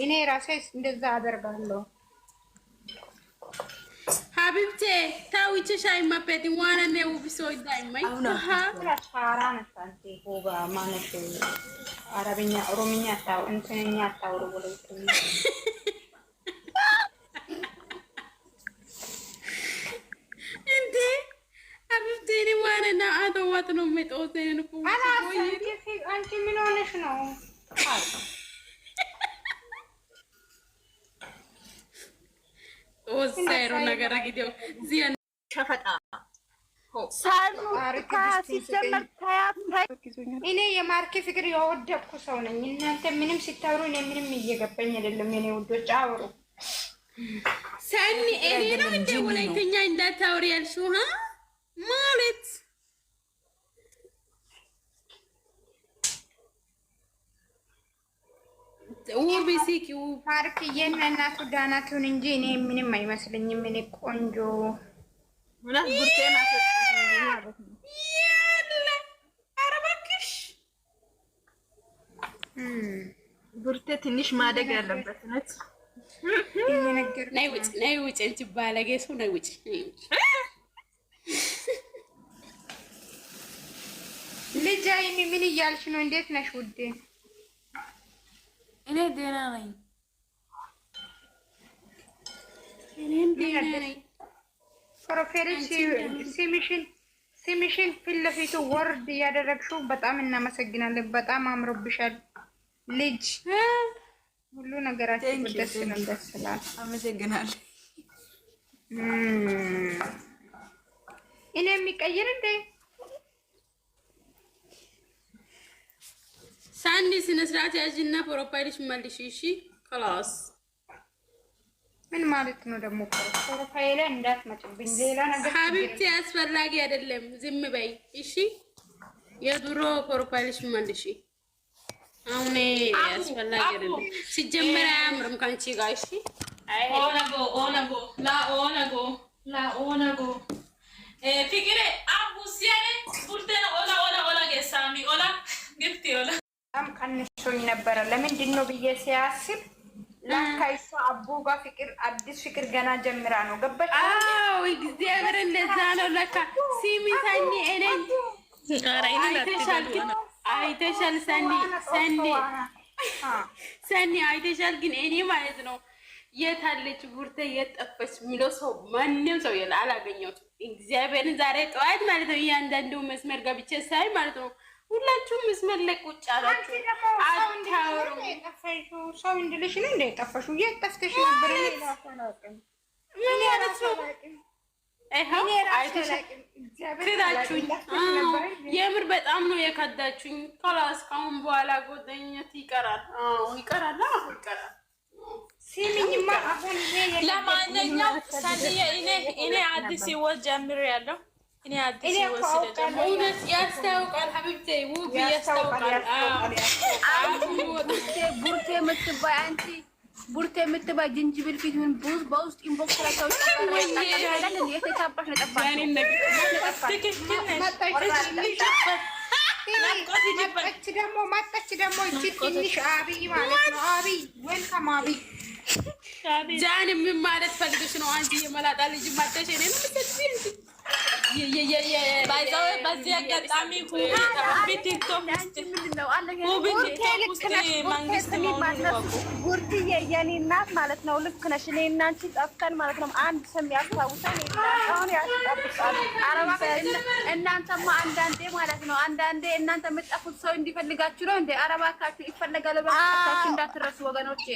እኔ ራሴ እንደዛ አደርጋለሁ። ሀቢብቴ ታዊችሽ አይመበት ዋነ ነው ብሶ ይዳይማይ አረብኛ ኦሮምኛ አታው እንትንኛ አታውሩ ብሎ እንዴ ሀቢብቴ እኔ ዋነ ና አተዋት ነው መጦት አንቺ ምን ሆነሽ ነው? ወሳይሮ ነገር እንግዲህ ዚያን ሸፈጣ ሳሉ ሲጀመር ታያት እኔ የማርኬ ፍቅር የወደኩ ሰው ነኝ። እናንተ ምንም ሲታሩ እኔ ምንም እየገባኝ አይደለም። የኔ ውዶች አውሩ ሰኒ እኔ ነው እንደ ወላይተኛ እንዳታውሪ ያልሽው ውብ ሲኪ ፓርክዬ እና እናቱ ዳና ትሁን እንጂ እኔ ምንም አይመስለኝም። እኔ ቆንጆ ብርቴ ትንሽ ማደግ ያለበት ነት ውጭ እንጂ ባለጌ ሰው ናይ ውጭ ልጅ አይን ምን እያልሽ ነው? እንዴት ነሽ ውዴ? እኔ ደህና ነኝ። እኔም ደህና ነኝ። ፕሮፌሪሽ ሲሚሽን ሲሚሽን ፊት ለፊቱ ወርድ እያደረግሽው በጣም እናመሰግናለን። በጣም አምሮብሻል ልጅ ሁሉ ነገራችን ደስ ነው። ደስ ይላል። አመሰግናለሁ። እኔ የሚቀይር እንዴ سني سنة سرعتي أجلنا بروفايلش مالشي شي خلاص ምን ማለት ነው ደግሞ? ፕሮፋይሌ ላይ እንዳትመጭብኝ ሌላ ነገር ሀቢብቲ አስፈላጊ አይደለም። ዝም በይ እሺ። የድሮ ፕሮፋይልሽ መልሺ። አሁን አስፈላጊ አይደለም። ሲጀመር አያምርም ከአንቺ ጋር እሺ። ኦነጎ ኦነጎ ላ ኦነጎ ላ ኦነጎ ፍቅሬ አቡ ሲያኔ ቡልቴ ኦላ ኦላ ኦላ ጌሳሚ ኦላ ግፍቲ ኦላ በጣም ቀንሾኝ ነበረ። ለምንድን ነው ብዬ ሲያስብ ለካ እሷ አቦ ፍቅር አዲስ ፍቅር ገና ጀምራ ነው ገባች። አዎ እግዚአብሔር እንደዛ ነው ለካ። ሲሚ ሰኒ አይተሻል፣ ሰኒ ሰኒ ሰኒ አይተሻል። ግን እኔ ማለት ነው የታለች ቡርተ የጠፈች የሚለው ሰው ማንም ሰው አላገኘሁትም። እግዚአብሔርን ዛሬ ጠዋት ማለት ነው እያንዳንዱ መስመር ገብቼ ሳይ ማለት ነው ሁላችሁም መስመር ላይ ቁጭ አላችሁ። አታወሩም። ሰው እንድልሽ ነው እንደ የጠፋሽው የት ነበር? ምን ያለት ነው? ይኸው ክዳችሁኝ። የምር በጣም ነው የከዳችሁኝ። ከላስ ካሁን በኋላ ጓደኝነት ይቀራል። አዎ ይቀራል። አዎ ይቀራል። ለማንኛውም እኔ አዲስ ህይወት ጀምሬያለሁ። እኔ አዲስ ቡርቴ የምትባይ ጅንጅብል ፊት ምን ቡዝ በውስጥ ኢንቦክስ ደግሞ መጣች ደግሞ እቺ ትንሽ አብይ ማለት ነው። አብይ አብይ ጃን ምን ማለት ነው? አንቺ የመላጣ ልጅ ነ በዚህ አጋጣሚ የኔ እናት ማለት ነው። ልክ ነሽ። እኔ እና አንቺ ጠፍተን ማለት ነው አንድ ስም ያስታውሰን ያስጠብቃል። እናንተማ አንዳንዴ ማለት ነው አንዳንዴ እናንተ የምጠፉት ሰው እንዲፈልጋችሁ ነው እንደ አረባካችሁ ይፈለጋል። እንዳትረሱ ወገኖቼ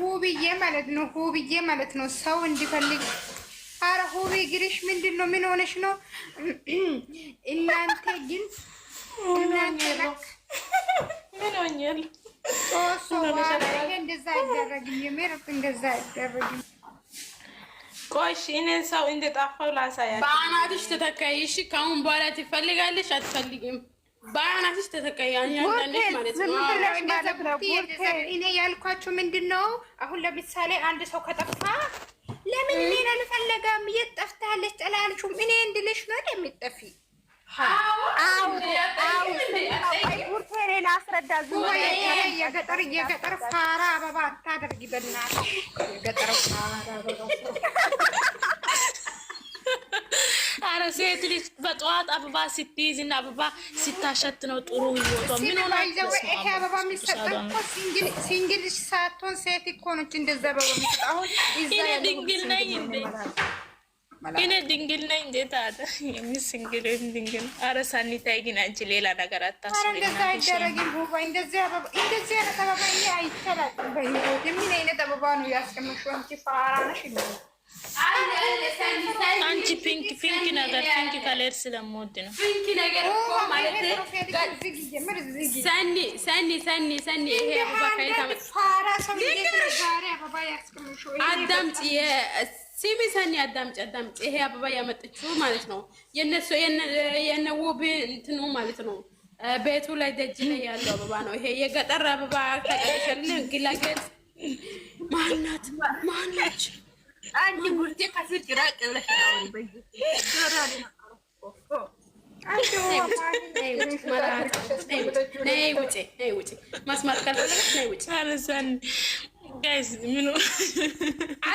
ሁብዬ ማለት ነው። ሁብዬ ማለት ነው። ሰው እንዲፈልግ አረ ሁብ ግሪሽ ምንድን ነው? ምን ሆነሽ ነው? እናንተ ግን እንደዛ አይደረግም። የምር እንደዛ አይደረግም። ቆሽ እኔን ሰው እንደጠፋው ላሳያት። በአናትሽ ተተካይ። እሺ፣ ከአሁን በኋላ ትፈልጋለሽ አትፈልጊም? በአናትሽ ተተካይ። ማለት እኔ ያልኳችሁ ምንድን ነው፣ አሁን ለምሳሌ አንድ ሰው ከጠፋ ለምን እኔን አልፈለገም? የት ጠፍታለች? ጠላልሽም እኔ እንድልሽ ነው እንደሚጠፊ ሌላ አስረዳ። የገጠር የገጠር ፋራ አበባ አታደርጊ በናትሽ የገጠር ፋራ አበባ ሴት ልጅ በጠዋት አበባ ስትይዝ እና አበባ ስታሸት ነው ጥሩ ይወጣ። ምን ሆነ ይሄ አበባ የሚሰጠው እኮ ሲንግል ሳትሆን ሴት እኮ ነች። እንደዛ አበባ የሚሰጠው አሁን እኔ ድንግል ነኝ እንዴ? እኔ ድንግል ነኝ እንዴ? ታዲያ ሲንግል ድንግል። ኧረ ሳኒታይ ግን አንቺ ሌላ ነገር አታስቢ። እንደዛ አይደረግም። ቡባ እንደዚህ አበባ እንደዚህ አይነት አበባ ይሄ አይቻላል። በህይወት ምን አይነት አበባ ነው ያስቀመጥሽው አንቺ? ፋራ ነሽ እንዴ? አንቺ ፒንክ ፒንክ ነገር ፒንክ ከለር ስለምወድ ነው። ፒንክ ነገር እኮ ማለት ሰኒ ሰኒ ሰኒ ሰኒ ይሄ አበባ ከየት አዳምጪ፣ ሲሚ ሰኒ አዳምጪ፣ አዳምጪ። ይሄ አበባ ያመጣችው ማለት ነው የነሱ የነ ውብ እንትኑ ማለት ነው ቤቱ ላይ ደጅ ላይ ያለው አበባ ነው። ይሄ የገጠር አበባ ተቀቅሸልን ግላገል ማናት ማናች አንድ ጉርቴ ከስልክ ራቅ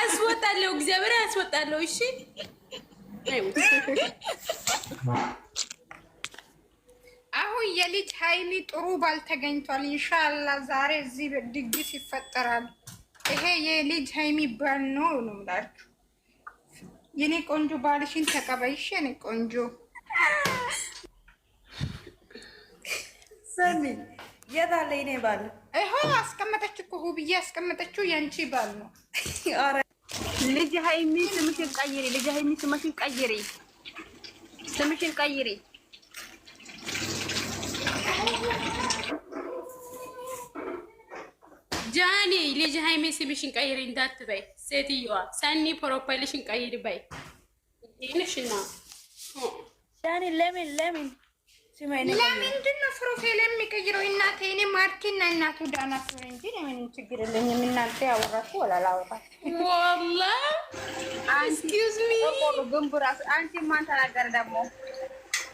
አስወጣለሁ፣ እግዚአብሔር አስወጣለሁ። እሺ አሁን የልጅ ሀይኒ ጥሩ ባል ተገኝቷል። ኢንሻላህ ዛሬ እዚህ ድግስ ይፈጠራል። ይሄ የልጅ ሀይሚ ባል ነው ነው የምላችሁ። የኔ ቆንጆ ባልሽን ተቀበይሽ። የኔ ቆንጆ ሰኒ የት አለ የኔ ባል? ይኸው አስቀመጠች እኮ ሁብዬ አስቀመጠችው። የአንቺ ባል ነው። ልጅ ሀይሚ ስምሽን ቀይሪ። ልጅ ሀይሚ ስምሽን ቀይሪ። ስምሽን ቀይሪ ጃኒ ልጅ ሀይሜ ስምሽን ቀይሪ እንዳትበይ ሴትዮዋ ሰኒ ፕሮፋይልሽን ቀይሪ በይ ይንሽና ጃኒ ለምን ለምን ለምንድን ነው ፕሮፋይል የሚቀይረው? እናቴ እኔ ማርኬና እናቱ ዳና እንጂ ምን ችግር የለኝም። እናንተ ያወራሱ ወላላወራት ወላ አንቺ ማን ተናገር ደግሞ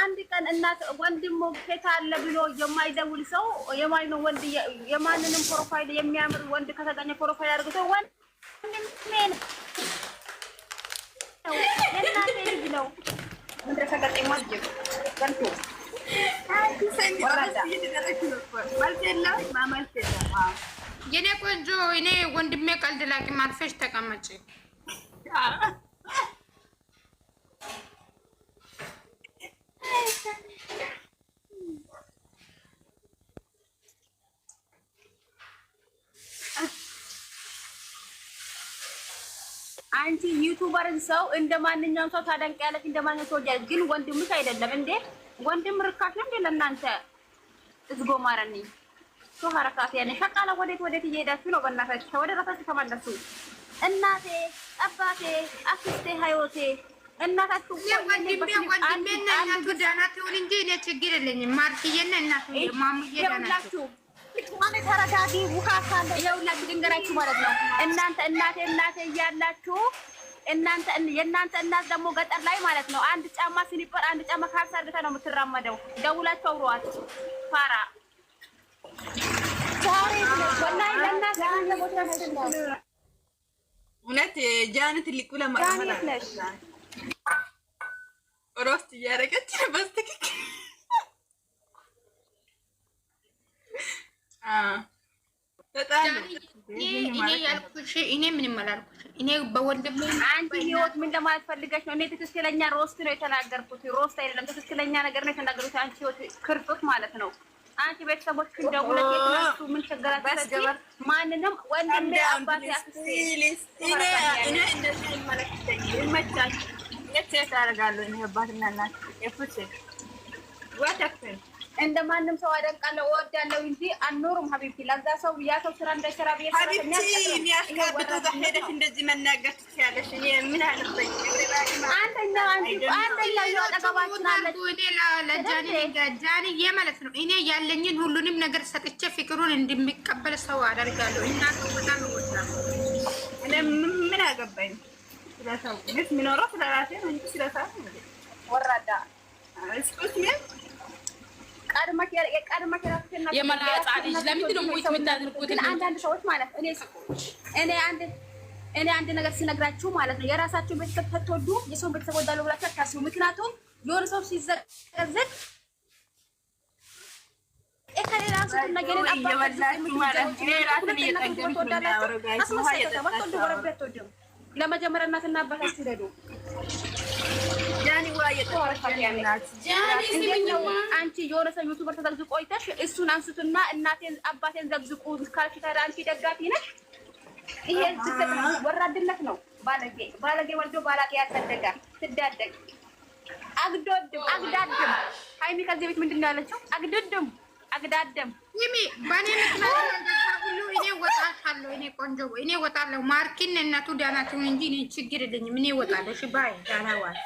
አንድ ቀን እናት ወንድሞ ኬት አለ ብሎ የማይደውል ሰው የማይ ነው ወንድ የማንንም ፕሮፋይል የሚያምር ወንድ ከተገኘ ፕሮፋይል አድርጎ ወንድሜ ነው የእናቴ ልጅ ነው የኔ ቆንጆ፣ እኔ ወንድሜ ቀልድ ላቂ ማርፈሽ ተቀመጭ። አንቺ ዩቱበርን ሰው እንደ ማንኛውም ሰው ታደንቂያለሽ፣ እንደ ማንኛውም ሰው ወዲያ ግን ወንድምሽ አይደለም እንዴ? ወንድም ርካሽ ነው እንዴ ለእናንተ? እዝጎ ማረኒ ሶ ሀረካት ያኔ ሸቃላ ወዴት ወዴት እየሄዳችሁ ነው? በእናታችሁ ወደ ራሳችሁ ተመለሱ። እናቴ አባቴ፣ አክስቴ፣ ሀዮቴ እናታችሁ ወንድሜ ወንድሜ እናቱ ደህና ትሁን እንጂ እኔ ችግር የለኝም። ማርክዬና እናቱ ማሙዬ ደህና ናቸው። ተረጋጊ። ውሃ ካለ ይኸውላችሁ ድንገራችሁ ማለት ነው። እናንተ እናቴ እናቴ እያላችሁ እናንተ የእናንተ እናት ደግሞ ገጠር ላይ ማለት ነው። አንድ ጫማ ስሊፐር፣ አንድ ጫማ ካልሲ አድርገህ ነው የምትራመደው። ደውላችሁ አውሯት ፋራ እውነት ጃን ትልቅ ብለህ እረፍት እያደረገች በስትክክል እኔ ምንም አላልኩሽም። እኔ በወንድም አንቺ ህይወት ምን ለማለት ፈልገሽ ነው? እኔ ትክክለኛ ሮስት ነው የተናገርኩት፣ ሮስት አይደለም ትክክለኛ ነገር ነው የተናገርኩት። አንቺ ህይወት ክርጦት ማለት ነው። አንቺ ቤተሰቦች ደውለት የትነሱ ምን ቸገራችሁ? ማንንም ወንድሜ አባቴ ይመቻል። ሴት ያደርጋሉ አባትና እናት እንደ ማንም ሰው አደንቃለሁ እወዳለሁ እንጂ አኖሩም ሀቢብቲ ለዛ ሰው ያ ሰው ስራ እንዳይሰራ ብዬ ሄደሽ እንደዚህ መናገር ማለት ነው። እኔ ያለኝን ሁሉንም ነገር ሰጥቼ ፍቅሩን እንደሚቀበል ሰው አደርጋለሁ። በጣም ምን አገባኝ ስለሰው ስለራሴ ስለሰው ወራዳ የመላጣ ልጅ ለምንድን ነው ት የምታደርጉት? አንዳንድ ሰዎች ማለት እኔ አንድ ነገር ሲነግራችሁ ማለት ነው የራሳችሁን ቤተሰብ ተትወዱ የሰውን ቤተሰብ ወዳለሁ ብላችሁ አታስቡ። ምክንያቱም የሆነ ሰው ሲዘቀዘቅ ለመጀመሪያ እናትና አባት አስረዱ አንቺ የሆነ ሰው ዩቱበር ተዘግዝቆ ቆይተሽ እሱን አንስቱና እናቴን አባቴን ዘግዝቁ ካልሽ ታዲያ አንቺ ደጋፊ ነሽ። ይሄ ወራድነት ነው። ባለጌ ባለጌ ወልዶ ባላቄ ያሳደጋ ትዳደግ አግዶድም አግዳድም ሀይሚ ከዚህ ቤት ምንድን ነው ያለችው? አግድድም አግዳድም ይሚ በኔ ምክንያት ሁሉ እኔ ወጣለሁ። እኔ ቆንጆ እኔ ወጣለሁ። ማርኪን እናቱ ዳናችሁን እንጂ እኔ ችግር የለኝም። እኔ ወጣለሁ። እሺ ባይ ዳናዋል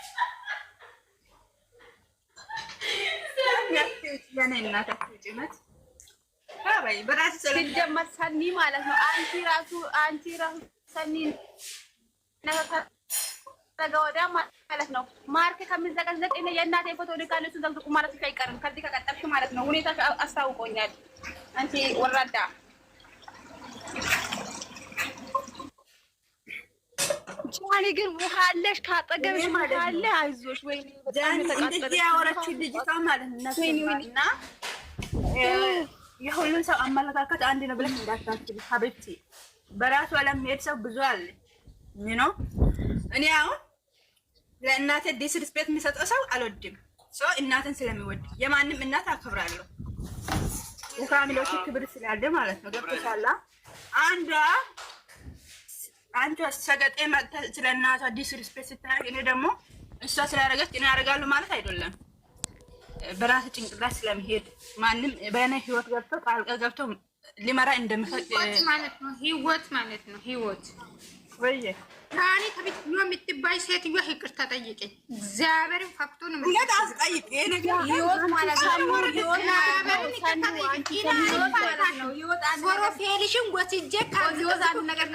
የኔ እናት ጭነት ሲጀመር ሰኒ ማለት ነው። አንቺ ራሱ አንቺ ራሱ ሰኒ ነገ ወዲያ ማለት ነው። ማርክ ከምዘቀዘቅ የእናቴ ፎቶ ልካል እሱ ዘቅዝቁ ማለት አይቀርም። ከዚህ ከቀጠልሽ ማለት ነው። ሁኔታ አስታውቆኛል። አንቺ ወራዳ ሷኔ ግን ውሃ አለሽ ካጠገብሽ ማለት አለ። አይዞሽ ወይ ያወራችሁ ልጅቷ ማለት ነው እና የሁሉም ሰው አመለካከት አንድ ነው ብለሽ እንዳታስቢ ሀብቲ። በራሱ አለም ሄድ ሰው ብዙ አለ ነው። እኔ አሁን ለእናቴ ዲስሪስፔክት የሚሰጠው ሰው አልወድም። ሰው እናትን ስለሚወድ የማንም እናት አከብራለሁ። የፋሚሊዎች ክብር ስላለ ማለት ነው። ገብቶሻላ አንዷ አንቺ ሰገጤ መጥተህ ስለ እናቷ ዲስሪስፔክት ስታደርግ እኔ ደግሞ እሷ ስላደረገች እኔ ያደርጋሉ ማለት አይደለም። በራስ ጭንቅላት ስለመሄድ ማንም በእኔ ህይወት ገብቶ ጣልቃ ገብቶ ሊመራ እንደምፈቅ ማለት ነው ህይወት ማለት ነው ህይወት ወይ ከእኔ ከቤትዮ የምትባይ ሴትዮ ይቅርታ ጠይቀኝ። እግዚአብሔርን ፈቅቶን ሁለት ነው። ወስጄ ነገር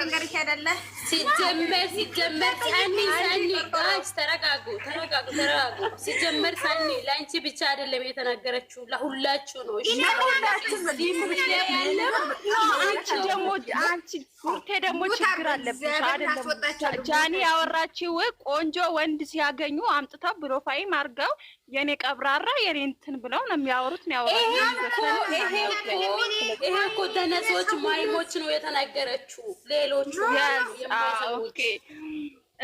ነገር ይሄዳለ ሲጀመር ሲጀመር ሳኒ ሳኒ ተረጋጉ፣ ተረጋጉ፣ ተረጋጉ። ሲጀመር ሳኒ ለአንቺ ብቻ አይደለም የተናገረችው ለሁላችሁ ለሁላችሁ ነው አንቺ ቡርቴ ደግሞ ችግር አለብሽ አይደለም። ጃኒ ያወራችው ቆንጆ ወንድ ሲያገኙ አምጥተው ብሮፋይም አድርገው የኔ ቀብራራ የኔ እንትን ብለው ነው የሚያወሩት ይሄ እኮ ደነዞች ማይሞች ነው የተናገረችው። ሌሎቹ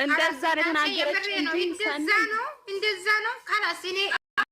እንደዛ ነው የተናገረችው። እንደዛ ነው እንደዛ ነው ካላስ እኔ